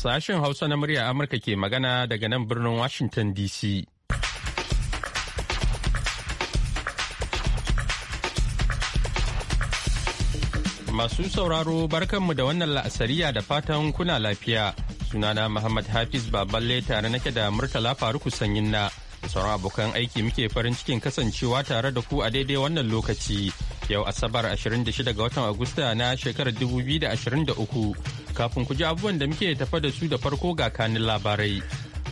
Sashen Hausa na murya Amurka ke magana daga nan birnin Washington DC. Masu sauraro barkanmu da wannan la'asariya da fatan kuna lafiya. Sunana Muhammad Hafiz Baballe tare nake da Murtala Faruku Sanyin na. sauran abokan aiki muke farin cikin kasancewa tare da ku a daidai wannan lokaci yau asabar 26 ga watan agusta na shekarar 2023 kafin ku ji abubuwan da muke tafa da su da farko ga kanin labarai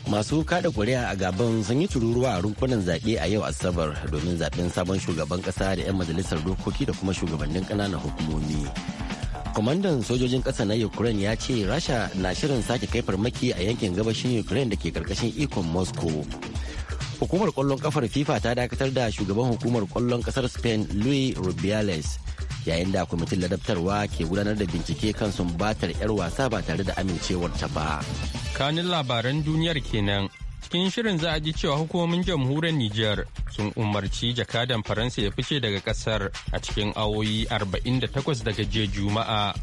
masu kada kuri'a a gaban sun yi tururuwa a rukunan zaɓe a yau asabar domin zaɓen sabon shugaban ƙasa da 'yan majalisar dokoki da kuma shugabannin ƙananan hukumomi kwamandan sojojin ƙasa na ukraine ya ce rasha na shirin sake kai farmaki a yankin gabashin ukraine da ke karkashin ikon moscow hukumar kwallon kafar fifa ta dakatar da shugaban hukumar kwallon kasar spain luis rubiales yayin da kwamitin ladabtarwa ke gudanar da bincike kan sumbatar 'yar wasa ba tare da amincewar ta ba kanin labaran duniyar kenan cikin shirin za a ji cewa hukumomin jamhuriyar niger sun umarci jakadan faransa ya fice daga kasar a cikin awoyi 48 daga jiya juma'a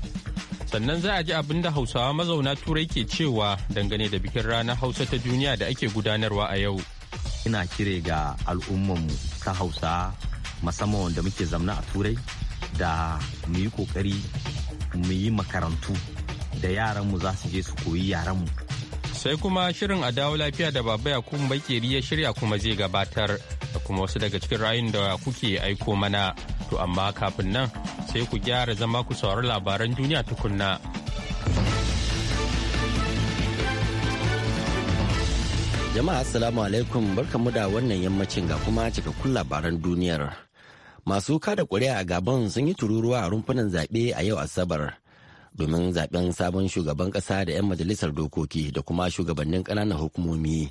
sannan za a ji abin da hausawa mazauna turai ke cewa dangane da bikin ranar hausa ta duniya da ake gudanarwa a yau ina kire ga al'ummanmu ta hausa musamman wanda muke zamna a turai da mu yi kokari mu yi makarantu da yaranmu za su je su koyi yaranmu sai kuma shirin a dawo lafiya da baba yakun bakeri ya shirya kuma zai gabatar da kuma wasu daga cikin rayun da kuke aiko mana to amma kafin nan sai ku gyara zama ku saurari labaran duniya tukunna Jama'a Assalamu alaikum barkamu da wannan yammacin ga kuma cikakkun labaran duniyar. Masu kada ƙuri'a a Gabon sun yi tururuwa a rumfunan zaɓe a yau Asabar domin zaɓen sabon shugaban ƙasa da 'yan majalisar dokoki da kuma shugabannin ƙananan hukumomi.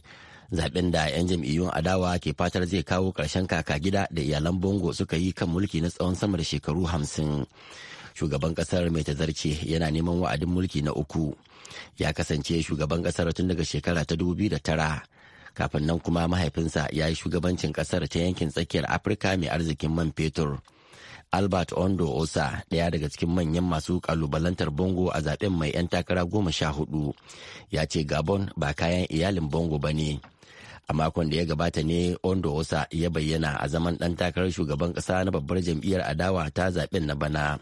Zaɓen da 'yan jam'iyyun adawa ke fatar zai kawo ƙarshen kaka gida da iyalan Bongo suka yi kan mulki na tsawon sama da shekaru hamsin. Shugaban ƙasar mai tazarce yana neman wa'adin mulki na uku. Ya kasance shugaban ƙasar tun daga shekara ta dubu da tara. kafin nan kuma mahaifinsa ya yi shugabancin kasar ta yankin tsakiyar afirka mai arzikin man fetur albert ondo osa ɗaya daga cikin manyan masu kalubalantar bongo a zaben mai 'yan takara goma sha hudu ya ce gabon ba kayan iyalin bongo ba ne a makon da ya gabata ne ondo osa ya bayyana a zaman ɗan takarar shugaban ƙasa na babbar jam'iyyar adawa ta zaben na bana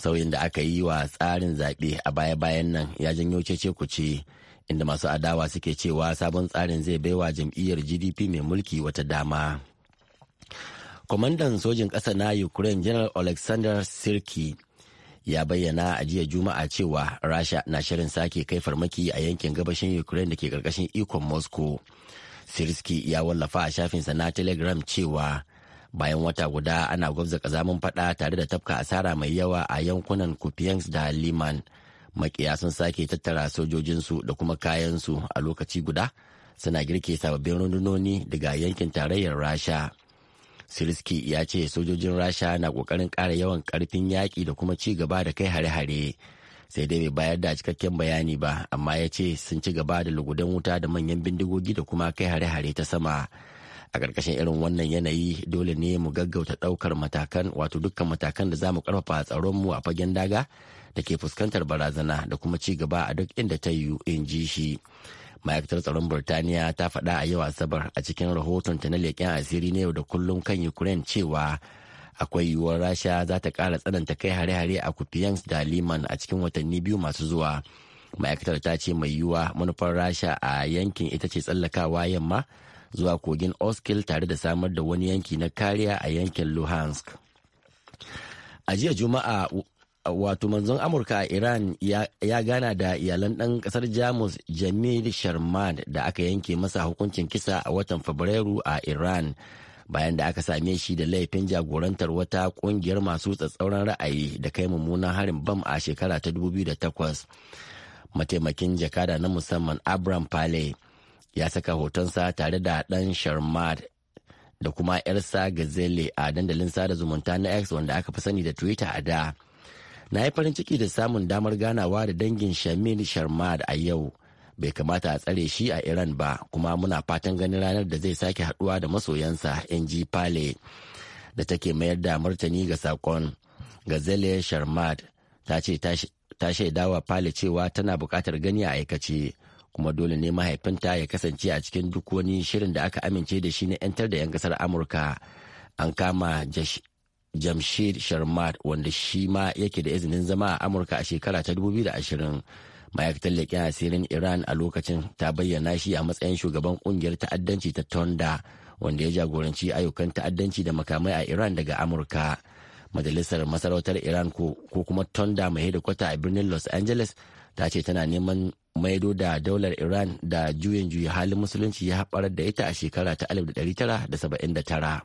sauyin da aka yi wa tsarin zaɓe a baya-bayan nan ya janyo cece kuce inda masu adawa suke cewa sabon tsarin zai baiwa jam'iyyar gdp mai mulki wata dama kwamandan sojin ƙasa na ukraine general alexander sirki ya bayyana a jiya juma'a cewa rasha na shirin sake kai farmaki a yankin gabashin ukraine da ke ƙarƙashin ikon moscow sirski ya wallafa a shafinsa na telegram cewa bayan wata guda ana gwabza kazamin faɗa tare da tafka asara mai yawa a yankunan kupiansk da liman makiya sun sake tattara sojojinsu da kuma kayansu a lokaci guda suna girke sababbin rundunoni daga yankin tarayyar rasha siriski ya ce sojojin rasha na kokarin kara yawan karfin yaƙi da kuma ci gaba da kai hare-hare sai dai bai bayar da cikakken bayani ba amma ya ce sun ci gaba da lugudan wuta da manyan bindigogi da kuma kai hare-hare ta sama a ƙarƙashin irin wannan yanayi dole ne mu gaggauta ɗaukar matakan wato dukkan matakan da za mu ƙarfafa mu a fagen daga da ke fuskantar barazana da kuma ci gaba a duk inda ta yi in ji shi ma'aikatar tsaron burtaniya ta faɗa a yau asabar a cikin rahoton ta na leƙen asiri na yau da kullum kan ukraine cewa akwai yiwuwar rasha za ta ƙara tsananta kai hare-hare a kupiyansk da liman a cikin watanni biyu masu zuwa ma'aikatar ta ce mai yiwuwa manufar rasha a yankin ita ce tsallakawa yamma zuwa kogin oskil tare da samar da wani yanki na kariya a yankin luhansk a jiya juma'a wato manzon amurka a iran ya gana da iyalan ɗan ƙasar jamus jamil sharman da aka yanke masa hukuncin kisa a watan fabrairu a iran bayan da aka same shi da laifin jagorantar wata kungiyar masu tsatsauran ra'ayi da kai mummunan harin bam a shekara ta 2008 mataimakin jakada na musamman abram pale ya saka hotonsa tare da ɗan sharmad da kuma 'yarsa gazelle a dandalin sada zumunta na x wanda aka fi sani da twitter a da na yi farin ciki da samun damar ganawa da dangin shamil sharmad a yau bai kamata a tsare shi a iran ba kuma muna fatan ganin ranar da zai sake haduwa da masoyansa NG pale da take mayar da martani ga sakon gazelle sharmad ta ce ta shaidawa pale cewa tana buƙatar gani a aikace kuma dole ne mahaifinta ya kasance a cikin duk wani shirin da aka amince da shi na 'yantar da 'yan kasar amurka an kama jamshid sharmat wanda shi ma yake da izinin zama a amurka a shekara ta 2020 ma'aikatar leƙen asirin iran a lokacin ta bayyana shi a matsayin shugaban kungiyar ta'addanci ta tonda wanda ya jagoranci ayyukan ta'addanci da makamai a iran daga amurka majalisar masarautar iran ko kuma tonda mai hedikwata a birnin los angeles ta ce tana neman maido da daular iran da juyin juyi halin musulunci ya haɓar da ita a shekara ta 1979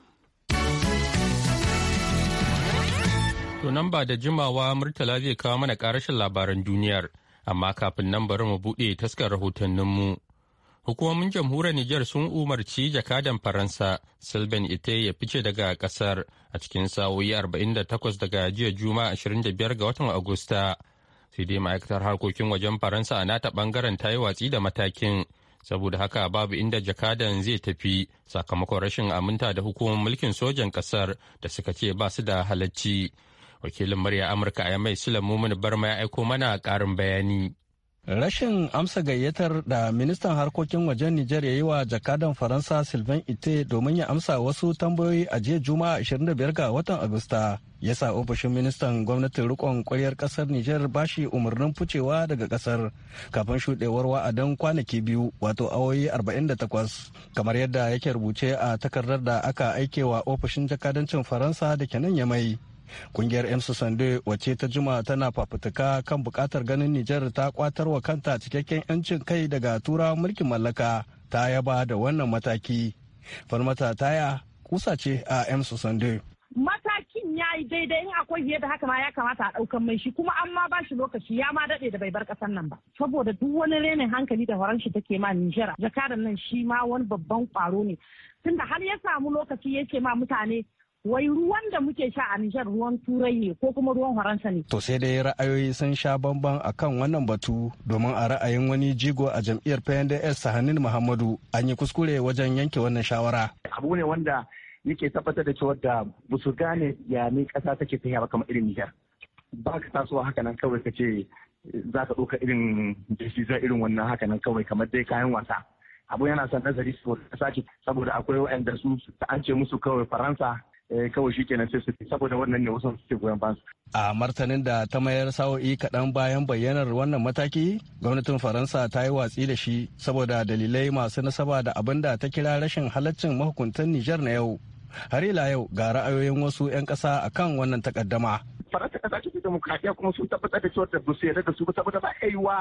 to nan ba da jimawa murtala zai kawo mana karashin labaran duniyar amma kafin nan bari mu buɗe taskar rahotanninmu hukumomin jamhuriyar nijar sun umarci jakadan faransa sylvain ite ya fice daga kasar a cikin sa'o'i 48 daga jiya juma'a 25 ga watan agusta sai dai ma'aikatar harkokin wajen faransa a nata bangaren ta yi watsi da matakin saboda haka babu inda jakadan zai tafi sakamakon rashin aminta da hukumar mulkin sojan kasar da suka ce ba su da halacci wakilin murya amurka a yamai bar barma ya aiko mana karin bayani rashin amsa gayyatar da ministan harkokin wajen nijar ya yi wa jakadan faransa sylvain ite domin ya amsa wasu tambayoyi a jiya juma'a 25 ga watan agusta ya sa ofishin ministan gwamnatin rikon kwaryar kasar Nijar bashi umarnin ficewa daga kasar kafin shudewar wa'adan kwanaki biyu wato awoyi 48 kamar yadda yake rubuce a takardar da aka aikewa ofishin jakadancin Faransa da kenan ya mai. Kungiyar m Sande wace ta juma tana fafutuka kan bukatar ganin Nijar ta kwatar wa kanta cikakken 'yancin kai daga tura mulkin mallaka ta yaba da wannan mataki. Farmata taya kusa ce a m Sande. ai daidai in akwai fiye da haka ma ya kamata a ɗaukan mai shi kuma an ma ba shi lokaci ya ma daɗe da bai bar ƙasar nan ba saboda duk wani renin hankali da horon shi take ma Nijar jakadan nan shi ma wani babban ƙwaro ne tunda har ya samu lokaci yake ma mutane wai ruwan da muke sha a Nijar ruwan turai ne ko kuma ruwan Faransa ne. To sai dai ra'ayoyi sun sha bamban a kan wannan batu domin a ra'ayin wani jigo a jam'iyyar PNDS Sahanin Muhammadu an yi kuskure wajen yanke wannan shawara. Abu ne wanda yake tabbatar da cewa da ba su gane ya ne kasa take ta yawa kamar irin niger Ba ka tasowa haka nan kawai ka ce za ka ɗauka irin jeshi za irin wannan haka nan kawai kamar dai kayan wasa. Abu yana son nazari saboda ce saboda akwai waɗanda su an ce musu kawai Faransa Eh, kawai shi kenan sai saboda wannan ne wasu suke goyon a martanin da ta mayar sa'o'i kaɗan bayan bayyanar wannan mataki gwamnatin faransa ta yi watsi da shi saboda dalilai masu nasaba da abin da ta kira rashin halaccin mahukuntan nijar na yau har ila yau ga ra'ayoyin wasu 'yan ƙasa kan wannan takaddama faransa kasa ce ta demokradiyya kuma sun tabbatar da cewa da da su ba saboda ba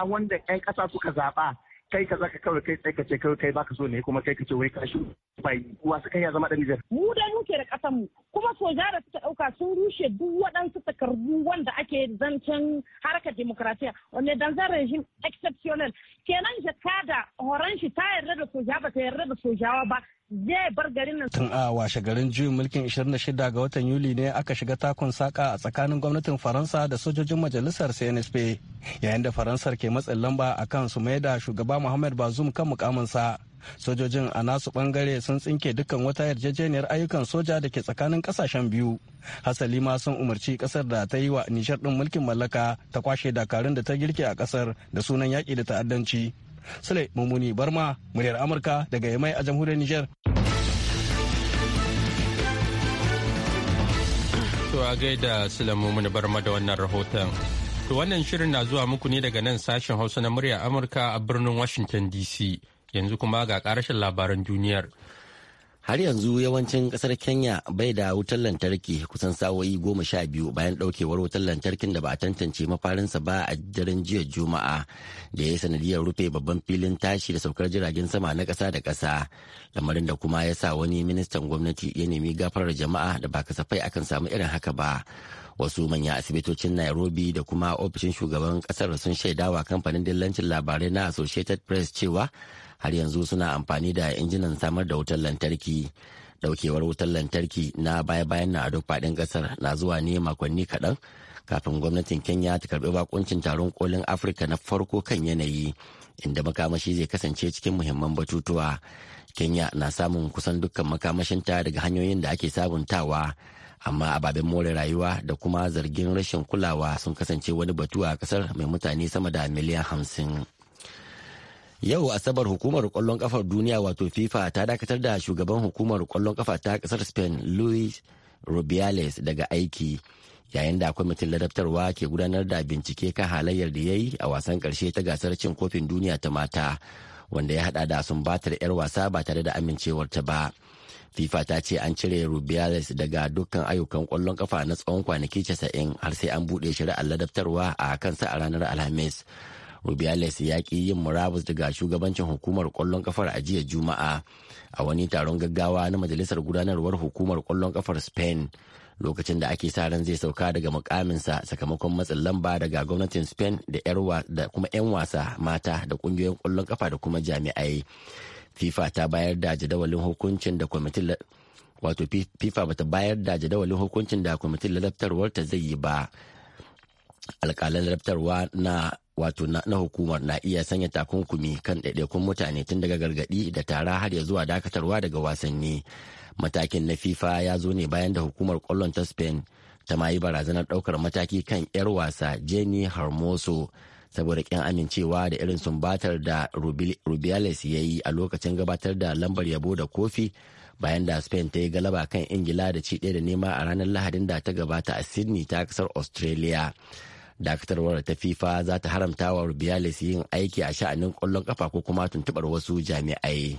wanda 'yan ƙasa suka zaɓa. kai ka zaka kawai kai tsaye ka ce kawai kai baka so ne kuma kai ka ce wai ka shi bai uwa su kai ya zama dan Nijar. Mu da muke da kasan mu kuma soja da suka dauka sun rushe duk waɗansu takardu wanda ake zancen harkar demokratiya wanda dan zan regime exceptional kenan jakada horon shi ta yarda da soja ba ta yarda da sojawa ba zai bar garin nan. Tun a washe garin juyin mulkin 26 ga watan Yuli ne aka shiga takun saka a tsakanin gwamnatin Faransa da sojojin majalisar CNSP yayin da Faransar ke matsin lamba a kan su mai da shugaba Muhammad Bazoum kan mukaminsa. Sojojin a nasu bangare sun tsinke dukkan wata yarjejeniyar ayyukan soja da ke tsakanin kasashen biyu. Hasali ma sun umarci kasar da ta yi wa nishar din mulkin mallaka ta kwashe dakarun da ta girke a kasar da sunan yaƙi da ta'addanci. Sule Mumuni Barma, muryar Amurka daga Yamai a jamhuriyar Nijar. To a gaida Sule Mumuni Barma da wannan rahoton. To wannan shirin na zuwa muku ne daga nan sashen Hausa na muryar Amurka a birnin Washington DC. Yanzu kuma ga ƙarashin labaran duniyar. har yanzu yawancin kasar kenya bai da wutar lantarki kusan sawoyi goma sha biyu bayan daukewar wutar lantarkin da ba a tantance mafarinsa ba a daren jiya juma'a da ya yi sanadiyar rufe babban filin tashi da saukar jiragen sama na kasa da kasa lamarin da kuma ya sa wani ministan gwamnati ya nemi gafarar jama'a da ba kasafai akan samu irin haka ba wasu manyan asibitocin nairobi da kuma ofishin shugaban kasar sun shaidawa kamfanin dillancin labarai na associated press cewa har yanzu suna amfani da injinan samar da wutar lantarki daukewar wutar lantarki na baya-bayan na a duk faɗin kasar na zuwa ne makonni kaɗan kafin gwamnatin kenya ta karbi bakuncin taron kolin afirka na farko kan yanayi inda makamashi zai kasance cikin muhimman batutuwa kenya na samun kusan dukkan makamashinta daga hanyoyin da ake sabuntawa amma ababen more rayuwa da kuma zargin rashin kulawa sun kasance wani batu a kasar mai mutane sama da miliyan hamsin. Yau Asabar hukumar kwallon kafar duniya wato FIFA ta dakatar da shugaban hukumar kwallon kafa ta kasar Spain Luis Rubiales daga aiki yayin da kwamitin ladabtarwa ke gudanar da bincike kan halayyar da ya yi a wasan karshe ta gasar cin kofin duniya ta mata wanda ya hada da sumbatar 'yar wasa ba tare da amincewarta ba. fifa ta ce an cire rubiales daga dukkan ayyukan kwallon kafa na tsawon kwanaki 90 har sai an buɗe shari'ar ladabtarwa a kansa a ranar alhamis rubiales ya ki yin murabus daga shugabancin hukumar kwallon kafar a jiya juma'a a wani taron gaggawa na majalisar gudanarwar hukumar kwallon kafar spain lokacin da ake sa ran zai sauka daga mukaminsa sakamakon matsin lamba daga gwamnatin spain da kuma 'yan wasa mata da ƙungiyoyin kwallon kafa da kuma jami'ai fifa ta bayar da jadawalin hukuncin da kwamitin wato fifa bata bayar da jadawalin hukuncin da kwamitin lalabtarwar ta zai yi ba alkalin lalabtarwa na wato na, hukumar na iya sanya takunkumi kan ɗaiɗaikun mutane tun daga gargaɗi da tara har ya zuwa dakatarwa daga wasanni matakin na fifa ya zo ne bayan da hukumar ƙwallon ta spain ta mayi barazanar ɗaukar mataki kan 'yar wasa jenny hermoso saboda kin amincewa da irin sumbatar da rubiales ya yi a lokacin gabatar da lambar yabo da kofi bayan da spain ta yi galaba kan ingila da ci ɗaya da nema a ranar lahadin da ta gabata a sydney ta kasar australia dakatarwar ta fifa za ta haramta wa rubiales yin aiki a sha'anin kwallon kafa ko kuma tuntuɓar wasu jami'ai.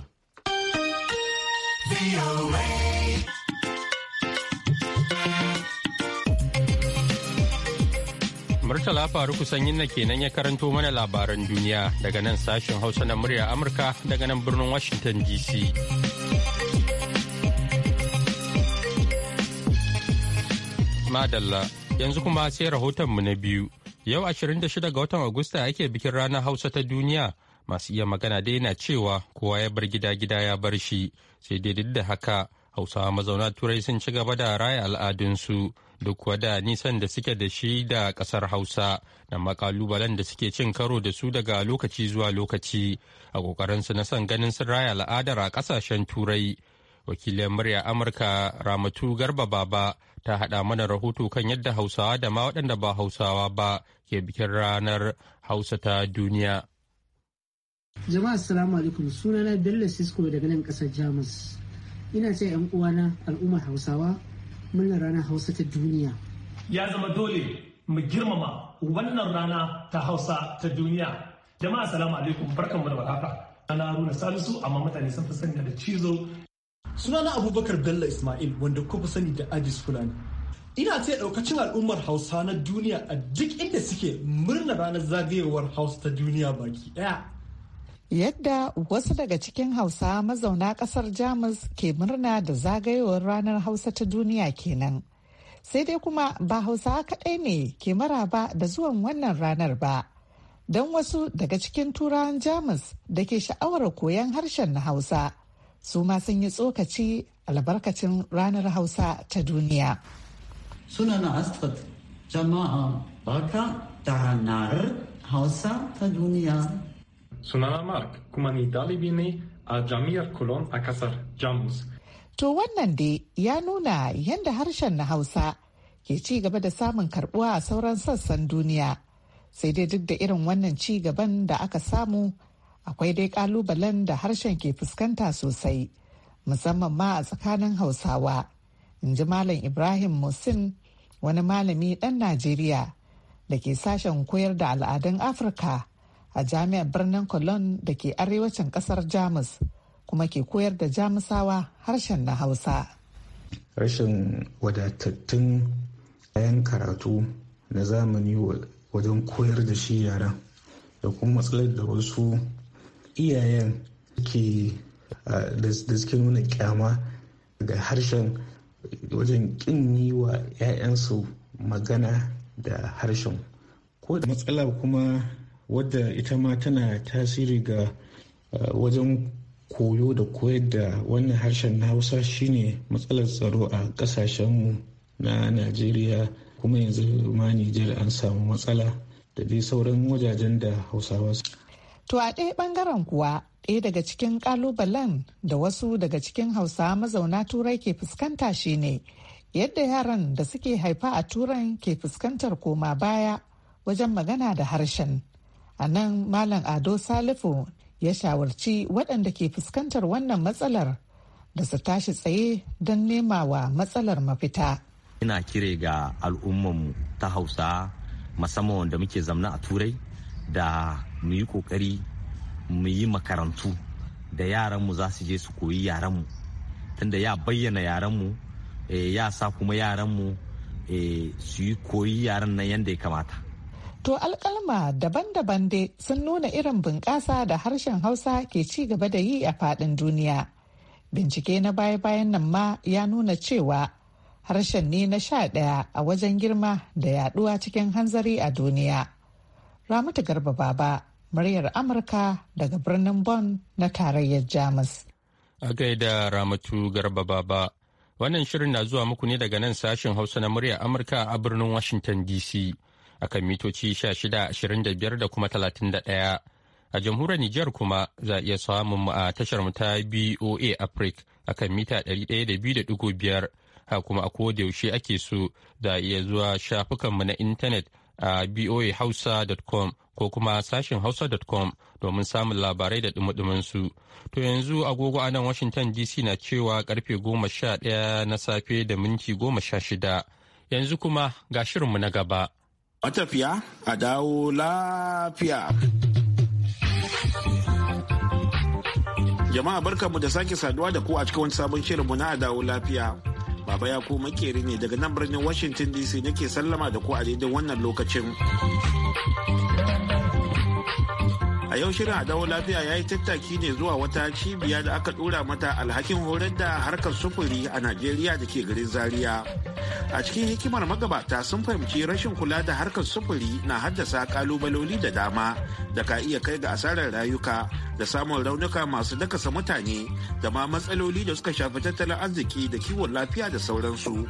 Murtala Faruku Sanyin na kenan ya karanto mana labaran duniya daga nan sashen Hausa na murya Amurka daga nan birnin Washington DC. Madalla, yanzu kuma sai rahotonmu na biyu. Yau 26 ga watan Agusta ake bikin ranar Hausa ta duniya. Masu iya magana dai na cewa kowa ya bar gida gida ya bar shi, sai dai duk da haka hausawa mazauna turai sun ci gaba da raya al'adunsu duk wada nisan da suke da shi da kasar hausa da makalubalen da suke cin karo da su daga lokaci zuwa lokaci a kokarinsu na son ganin sun raya al'adar a kasashen turai wakilin murya amurka ramatu garba baba ta haɗa mana rahoto kan yadda hausawa da ma waɗanda ba hausawa ba ke bikin ranar hausa ta duniya jama'a assalamu alaikum sunana bello sisko daga nan ƙasar jamus ina ce yan uwana al'ummar hausawa murnar ranar hausa ta duniya ya zama dole mu girmama wannan rana ta hausa ta duniya jama'a salamu alaikum barkanmu da wahaka ana runa salisu amma mutane sun fi sani da cizo sunana abubakar bello ismail wanda kuka sani da adis fulani ina ce daukacin al'ummar hausa na duniya a duk inda suke murnar ranar zagayowar hausa ta duniya baki daya Yadda wasu daga cikin Hausa mazauna kasar Jamus ke murna da zagayowar ranar Hausa ta duniya kenan. Sai dai kuma ba Hausa kaɗai ne ke maraba da zuwan wannan ranar ba. Don wasu daga cikin turawan Jamus da ke sha'awar koyon harshen na Hausa, su ma sun yi tsokaci albarkacin ranar Hausa ta duniya. Sunana Astrid, jama'a barka da ranar Hausa ta duniya Sunana kuma ni dalibi ne a jami'ar Cologne a kasar Jamus. To wannan dai ya nuna yadda harshen na Hausa ke ci gaba da samun karbuwa a sauran sassan duniya. Sai dai duk da irin wannan ci gaban da aka samu akwai dai kalubalen da harshen ke fuskanta sosai musamman ma a tsakanin Hausawa. In ji Malam Ibrahim Musin wani malami ɗan Najeriya da ke sashen koyar da al'adun Afirka a jami'ar birnin cologne da ke arewacin kasar jamus kuma ke koyar da jamusawa harshen na hausa rashin wadatattun kayan karatu na zamani wajen koyar da shi yara da kuma matsalar da wasu iyayen ke da suke nuna kyama ga harshen wajen kin yi wa 'ya'yansu magana da harshen ko da matsala kuma wadda ita ma tana tasiri ga eh, wajen koyo da koyar da wannan harshen na hausa shine matsalar tsaro a kasashenmu na najeriya kuma yanzu ma nijar an samu matsala da dai sauran wajajen da hausawa to a ɗaya ɓangaren kuwa ɗaya daga cikin ƙalubalen da wasu daga cikin hausa mazauna turai ke fuskanta shine yadda yaran da suke haifa a turan ke fuskantar koma baya wajen magana da harshen a nan malam ado salifu ya shawarci waɗanda ke fuskantar wannan matsalar da su tashi tsaye don wa matsalar mafita ina kire ga al'ummanmu ta hausa musamman wanda muke zamna a turai da mu yi kokari mu yi makarantu da yaranmu za su je su koyi yaranmu tunda ya bayyana yaranmu eh, ya sa kuma yaranmu eh, su yi koyi yaran nan yadda ya kamata To alkalma daban-daban dai sun nuna irin bunƙasa da harshen Hausa ke ci gaba da yi a faɗin duniya. Bincike na baya-bayan nan ma ya nuna cewa harshen ne na sha ɗaya a wajen girma da yaɗuwa cikin hanzari a duniya. Ramatu Garba Baba, muryar Amurka daga birnin Bonn na tarayyar Jamus. A gaida Ramatu Garba Baba, wannan shirin na zuwa muku ne daga nan sashen Hausa na muryar Amurka a birnin Washington DC. akan mitoci 1625 da kuma 31. A jamhuriyar Nijar kuma za a iya samun mu a tashar mu ta BOA Africa kan mita 102.5 ha kuma a yaushe ake so za a iya zuwa shafukanmu na intanet a boahausa.com ko kuma sashin hausa.com domin samun labarai da dumudumansu To yanzu agogo a nan Washington DC na cewa karfe 11 na safe da minti 16. Yanzu kuma ga shirinmu na gaba. matafiya a dawo lafiya. Jama'a barkanmu da sake saduwa da ku a cikin wani sabon shirinmu na a dawo lafiya. Baba ya ko makeri ne daga nan birnin Washington DC nake sallama da ku a daidai wannan lokacin. A yau shirin a dawo lafiya ya yi tattaki ne zuwa wata cibiya da aka dora mata alhakin horar da harkar sufuri a Najeriya da ke garin Zaria. a cikin hikimar magabata sun fahimci rashin kula da harkar sufuri na haddasa kalubaloli da dama da ka iya kai ga asarar rayuka da samun raunuka masu dakasa mutane da ma matsaloli da suka shafi tattalin arziki da kiwon lafiya da sauransu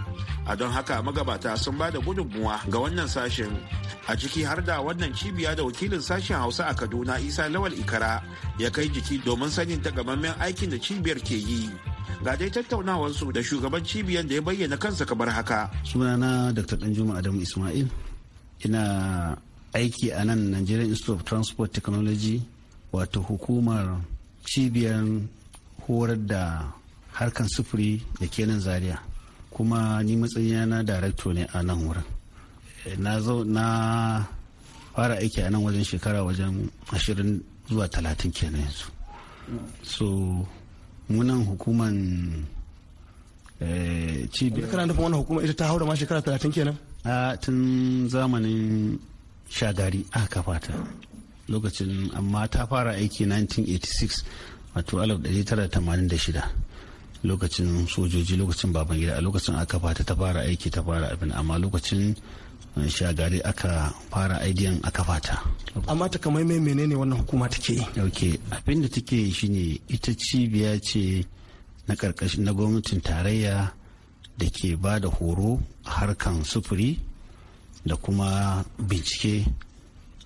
a don haka magabata sun ba da gudunmuwa ga wannan sashen a ciki har da wannan cibiya da wakilin sashen hausa a kaduna isa lawal ikara ya kai jiki domin sanin takamaiman aikin da cibiyar ke yi ga dai tattaunawarsu da shugaban cibiyar da ya bayyana kansa kamar haka sunana dr danjuma adamu ismail ina aiki a nan nigerian institute of transport technology wato hukumar cibiyar horar da harkan sufuri da kenan zaria kuma ni matsayina na darakto ne a nan wurin na na fara aiki a nan wajen shekara wajen ashirin zuwa talatin kenan yanzu so munan hukuman eh, cibiyar kana nufin wannan hukuma ita ta haura ma shekara talatin kenan a tun zamanin shagari aka kafata lokacin amma ta fara aiki 1986 wato 1986 lokacin sojoji lokacin baban gida a lokacin aka kafata ta fara aiki ta fara abin amma lokacin shi a gari aka fara aidiyan a kafata. amma ta kamar mai menene wannan hukuma take yi ok abinda take yi shine ita cibiya ce na karkashin na gwamnatin tarayya da ke ba da horo harkan sufuri da kuma bincike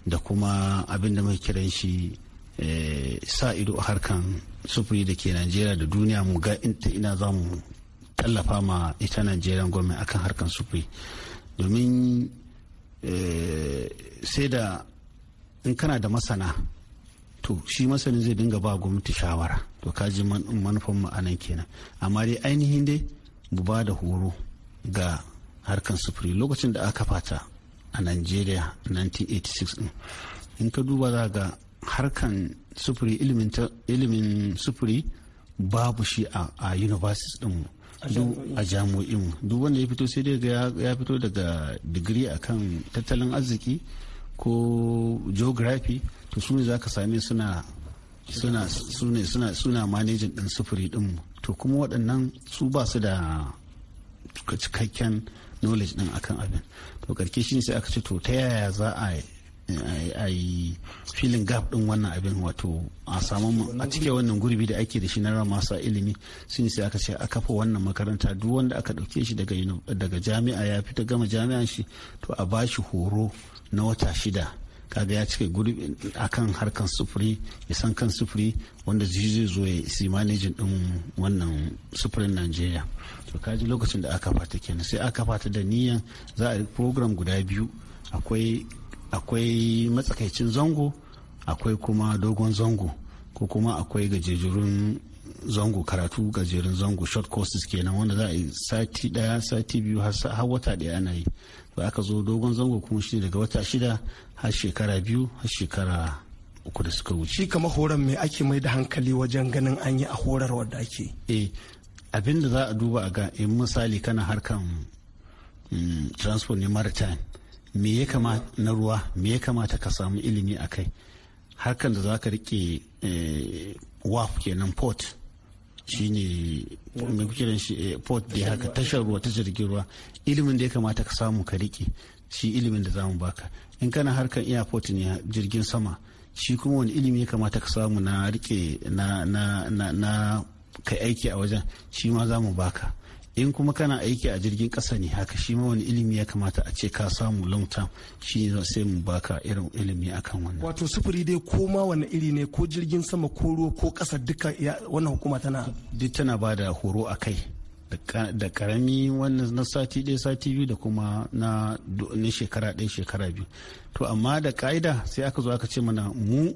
da kuma abinda mai kiran shi eh, sa ido a harkan sufuri da ke najeriya da duniya mu ga ina za mu tallafa ma ita najeriya gwamnati akan harkan sufuri domin eh, sai da in kana da masana to shi masanin zai dinga ba gwamnati shawara to kaji manufan ma'anan kenan amma dai ainihin dai mu ba da horo ga harkan sufuri lokacin da aka fata a nigeria 1986 din in ka duba za ga harkan sufuri ilimin sufuri babu shi a universities mu. duk a jami'in duk wanda ya fito sai dai ya fito daga digiri akan tattalin arziki ko geography to su ne za ka same suna suna suna suna suna din sufuri din to kuma waɗannan su ba su da cikakken knowledge din akan abin to karke shi sai aka ce to ta yaya za a Eh, a filin gap din wannan abin wato a samu a cike wannan gurbi da ake da shi na masa ilimi sun sai aka ce a kafa wannan makaranta duk wanda aka dauke shi daga jami'a ya fita gama jami'an shi to a ba shi horo na wata shida kaga ya cika gurbi akan harkan sufuri ya san kan sufuri wanda zai zo ya si manejin din wannan sufurin najeriya to kaji lokacin da aka fata kenan sai aka fata da niyan za a program guda biyu akwai akwai matsakaicin zango akwai kuma dogon zango ko kuma akwai gajejerun zango karatu gajerun zango short courses kenan wanda za a yi sati daya sati biyu har wata daya ana yi ba aka zo dogon zango kuma shi daga wata shida har shekara biyu har shekara uku da suka wuce shi kama horon me ake mai da hankali wajen ganin an yi a horar wadda ake eh abin da za a duba a ga in misali kana harkan mm, transport ne maritime me ya kama na ruwa me ya kamata ka samu ilimi a kai harkar da za ka rike eh, waf kenan port shine mai kiran shi eh, port da haka tashar ruwa ta jirgin ruwa ilimin da ya kamata ka samu ka rike shi ilimin da zamu baka in kana harkar airport ne jirgin sama shi kuma wani ilimi ya kamata ka samu na rike na ka aiki a wajen shi ma za mu baka in kuma kana aiki a jirgin kasa ne haka shi ma wani ilimi ya kamata a ce ka samu long term shi ne sai mu baka irin ilimi akan wannan wato sufuri dai ko ma wani iri ne ko jirgin sama ko ruwa ko kasa duka wannan hukuma tana duk tana ba da horo a kai da karami wannan na sati ɗaya sati biyu da kuma na shekara ɗaya shekara biyu to amma da ka'ida sai aka zo aka ce mana mu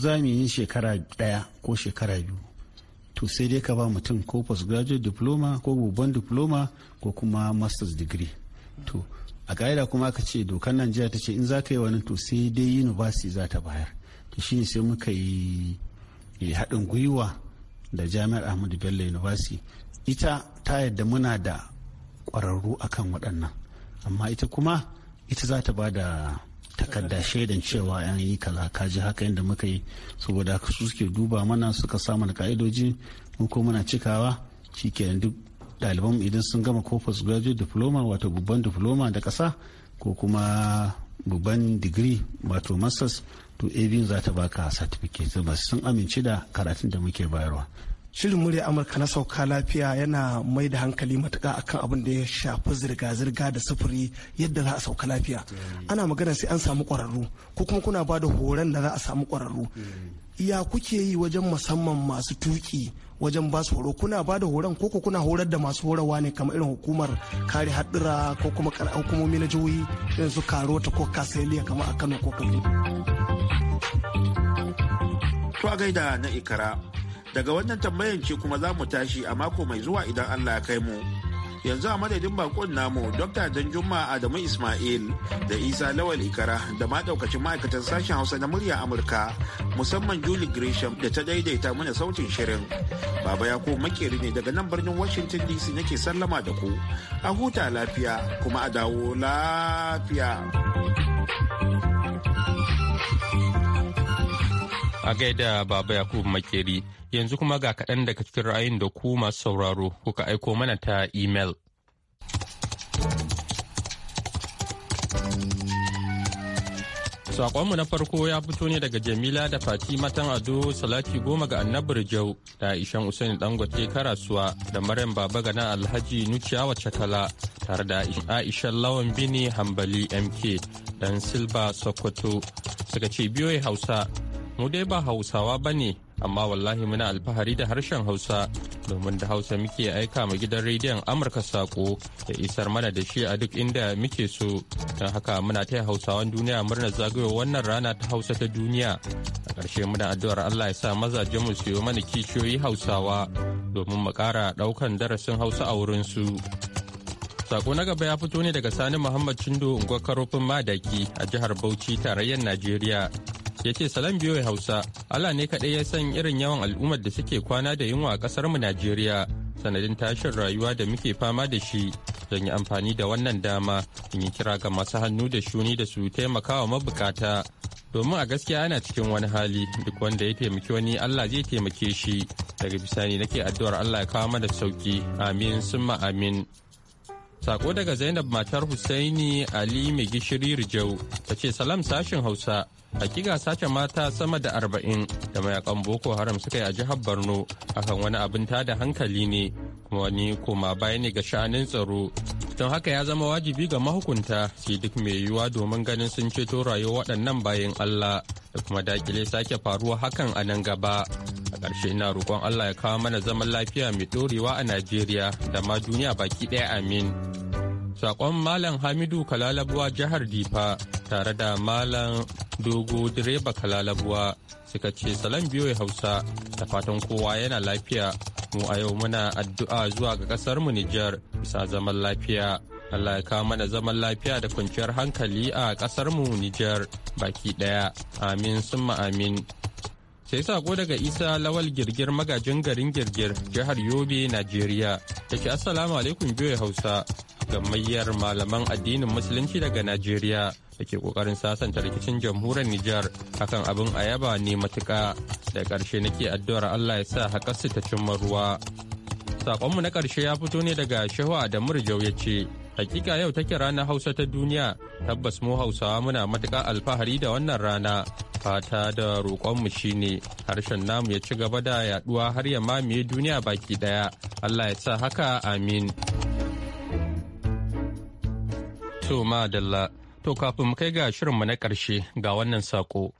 za mu yi shekara ɗaya ko shekara biyu to sai dai ka ba mutum ko postgraduate diploma ko babban diploma ko kuma master's degree to a ka'ida kuma aka ce dokar najeriya ta ce in za ka yi wani to sai dai university za ta bayar to shine sai muka yi haɗin gwiwa da jami'ar ahmadu bello university ita ta yadda muna da ƙwararru akan waɗannan amma ita kuma ita za ta ba da takarda shaidan cewa an yi kaza ka ji haka yadda muka yi saboda haka su suke duba mana suka samu mana ka'idoji mun ko muna cikawa shikenan duk ɗaliban idan sun gama ko postgraduate diploma wato babban diploma da ƙasa ko kuma babban digiri wato masters to abin za ta baka certificate sun amince da karatun da muke bayarwa shirin murya amurka na sauka lafiya yana mai da hankali matuka akan abin da ya shafi zirga-zirga da sufuri yadda za a sauka lafiya ana magana sai an samu kwararru ko kuma kuna ba da horon da za a samu kwararru ya kuke yi wajen musamman masu tuki wajen ba horo kuna ba da horon ko kuna horar da masu horarwa ne kamar irin hukumar kare haɗura ko kuma hukumomi na jihohi irin su karota ko kasaliya kamar a kano ko kano. to a gaida na ikara daga wannan tambayan ce kuma za mu tashi a mako mai zuwa idan allah ya kai mu yanzu a madadin bakon namu dr danjuma adamu ismail da isa lawal ikara da ma daukacin ma'aikatan sashen hausa na murya amurka musamman julie gresham da ta daidaita mana sautin shirin baba ya ko makeri ne daga nan birnin washington dc nake sallama da ku a huta lafiya kuma a dawo lafiya A gaida Baba Yakubu Makeri yanzu kuma ga kaɗan daga cikin ra'ayin da ku masu sauraro kuka aiko mana ta imel. saƙonmu na farko ya fito ne daga Jamila da fati matan Ado Salati goma ga annabar Jau da Ishan usain Dangote Karasuwa da Maryam Baba Gana Alhaji Nuciyawa Cakala tare da Aisha Lawan Bini Hambali MK dan Silba Sokoto suka ce biyoyi Hausa mu dai ba hausawa ba ne amma wallahi muna alfahari da harshen hausa domin da hausa muke aika ma gidan rediyon amurka sako da isar mana da shi a duk inda muke so don haka muna taya hausawan duniya murnar zagayowar wannan rana ta hausa ta duniya a ƙarshe muna addu'ar allah ya sa mazajen mu siyo mana kishiyoyi hausawa domin mu ƙara ɗaukan darasin hausa a wurin su sako na gaba ya fito ne daga sani muhammad cindo unguwar karofin madaki a jihar bauchi tarayyar najeriya ya ce salam biyo hausa allah ne kaɗai ya san irin yawan al'ummar da suke kwana da yunwa a ƙasar mu najeriya sanadin tashin rayuwa da muke fama da shi zan yi amfani da wannan dama in yi kira ga masu hannu da shuni da su taimakawa mabukata domin a gaskiya ana cikin wani hali duk wanda ya taimaki wani allah zai taimake shi daga bisani nake addu'ar allah ya kawo mana sauki amin summa amin Sako daga Zainab matar Husaini Ali mai gishiri Rijau ta ce salam sashin Hausa hakika sace mata sama da arba'in da mayakan boko haram suka yi a jihar borno akan wani abin tada hankali ne kuma wani koma baya ne ga sha'anin tsaro don haka ya zama wajibi ga mahukunta su duk mai yiwuwa domin ganin sun ceto rayuwa waɗannan bayan allah da kuma dakile sake faruwa hakan a nan gaba a ƙarshe ina roƙon allah ya kawo mana zaman lafiya mai ɗorewa a najeriya da ma duniya baki ɗaya amin Sakon Malam Hamidu Kalalabuwa jihar Difa tare da Malam Dogo Direba Kalalabuwa suka ce salam ya Hausa da fatan kowa yana lafiya. Mu a yau muna addu'a zuwa ga kasar mu Nijar bisa zaman lafiya. Allah ya kawo mana zaman lafiya da kwanciyar hankali a kasar mu Nijar baki daya. Amin summa amin. sai sako daga isa lawal girgir magajin garin girgir jihar yobe najeriya da ke assalamu alaikum biyu hausa gamayyar malaman addinin musulunci daga najeriya da ke kokarin sasanta rikicin jamhuriyar nijar hakan abin a yaba ne matuƙa da karshe nake addu'ar allah ya sa haƙarsu ta cimma ruwa saƙonmu na ƙarshe ya fito ne daga shehu adamu rijau ya ce hakika yau take rana hausa ta duniya tabbas mu hausawa muna matuƙa alfahari da wannan rana fata da roƙonmu shine harshen namu ya ci gaba da yaɗuwa har ya mamaye duniya baki ɗaya allah ya sa haka amin To dalla, to kafin mu kai ga shirin mu na ƙarshe ga wannan saƙo.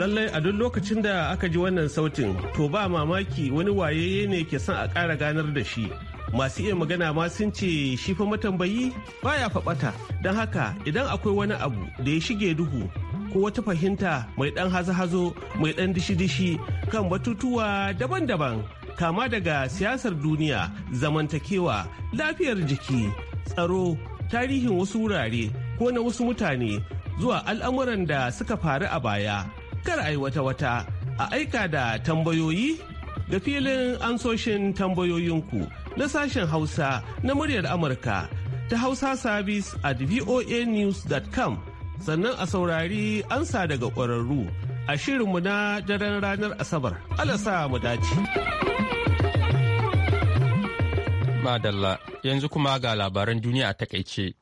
lallai a duk lokacin da aka ji wannan sautin to ba mamaki wani wayeye ne ke son a ƙara ganar da shi masu iya magana ma sun ce shi fa matambayi baya faɓata don haka idan akwai wani abu da ya shige duhu ko wata fahimta mai ɗan hazo-hazo mai ɗan dishi-dishi kan batutuwa daban-daban kama daga siyasar duniya zamantakewa lafiyar jiki tsaro tarihin wasu wurare ko na wasu mutane zuwa al'amuran da suka faru a baya kar a yi wata-wata a aika da tambayoyi Ga filin ansoshin tambayoyinku na sashen hausa na muryar amurka ta hausa service at voanews.com sannan a saurari ansa daga kwararru a shirinmu na daren ranar asabar alasa mu dace. yanzu kuma ga labaran duniya a takaice.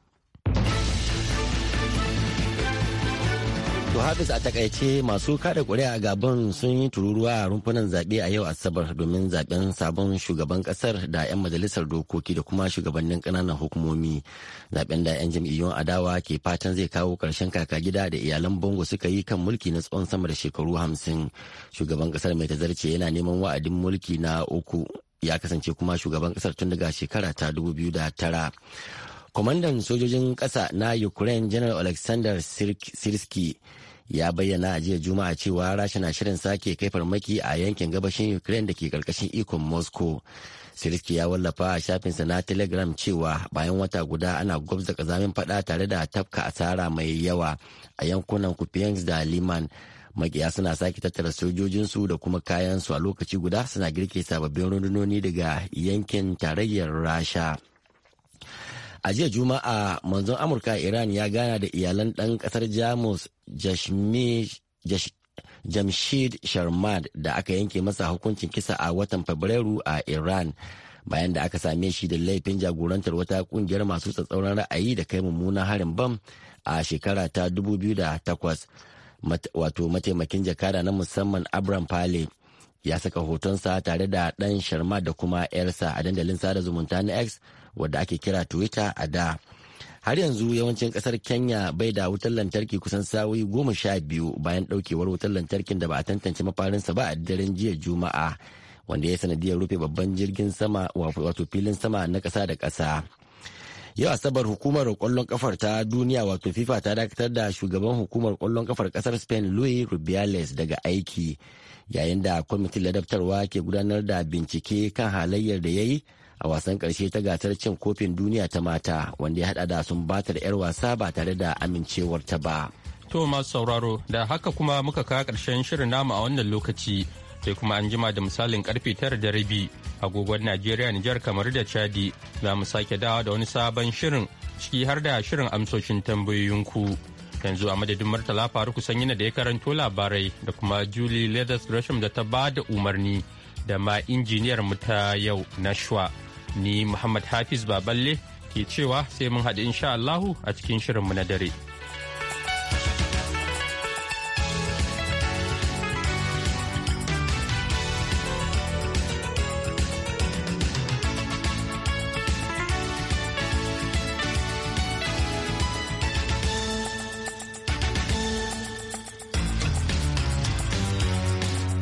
To Hafiz a takaice masu kada kuri'a a Gabon sun yi tururuwa a rumfunan zaɓe a yau Asabar domin zaɓen sabon shugaban ƙasar da 'yan majalisar dokoki da kuma shugabannin ƙananan hukumomi. Zaɓen da 'yan jam'iyyun adawa ke fatan zai kawo ƙarshen kaka gida da iyalan Bongo suka yi kan mulki na tsawon sama da shekaru hamsin. Shugaban ƙasar mai tazarce yana neman wa'adin mulki na uku ya kasance kuma shugaban kasar tun daga shekara ta 2009 kwamandan sojojin kasa na ukraine general alexander sirski ya bayyana a jiya juma'a cewa rasha na shirin sake kai farmaki a yankin gabashin ukraine da ke karkashin ikon moscow sirski ya wallafa a shafinsa na telegram cewa bayan wata guda ana gwabza kazamin fada tare da tafka asara mai yawa a yankunan kupiansk da liman makiya suna sake tattara sojojinsu da kuma kayansu a lokaci guda suna girke sababbin rundunoni daga yankin tarayyar rasha a jiya juma'a manzon amurka iran ya gana da iyalan ɗan ƙasar jamus jamshid sharmad da aka yanke masa hukuncin kisa a watan fabrairu a iran bayan da aka same shi da laifin jagorantar wata kungiyar masu tsatsauran ra'ayi da kai mummunan harin bam a shekara ta 2008 wato mataimakin jakada na musamman Abram Pale ya saka hotonsa tare da dan Sharma da kuma 'yarsa a dandalin sada zumunta na X wadda ake kira Twitter a da. Har yanzu yawancin kasar Kenya bai da wutar lantarki kusan sawi goma sha biyu bayan daukewar wutar lantarkin da ba a tantance mafarinsa ba a daren jiya Juma'a wanda ya sanadiyar rufe babban jirgin sama wato filin sama na kasa da kasa. yau asabar hukumar kwallon kafar ta duniya wato fifa ta dakatar da shugaban hukumar kwallon kafar kasar spain luis rubiales daga aiki yayin da kwamitin ladabtarwa ke gudanar da bincike kan halayyar da ya yi a wasan karshe ta gasar cin kofin duniya ta mata wanda ya hada da sun batar 'yar wasa ba tare da amincewar ta ba. To masu sauraro da haka kuma muka kawo karshen shirin namu a wannan lokaci sai kuma an jima da misalin karfe tara da rabi agogon Najeriya Nijar kamar da Chadi za mu sake dawa da wani sabon shirin ciki har da shirin amsoshin tambayoyinku. Yanzu a madadin Murtala Faruku Sanyina da ya karanto labarai da kuma Juli Leathers Gresham da ta ba da umarni da ma injiniyar mu ta yau Nashwa. Ni Muhammad Hafiz Baballe ke cewa sai mun haɗu insha Allahu a cikin shirin mu na dare.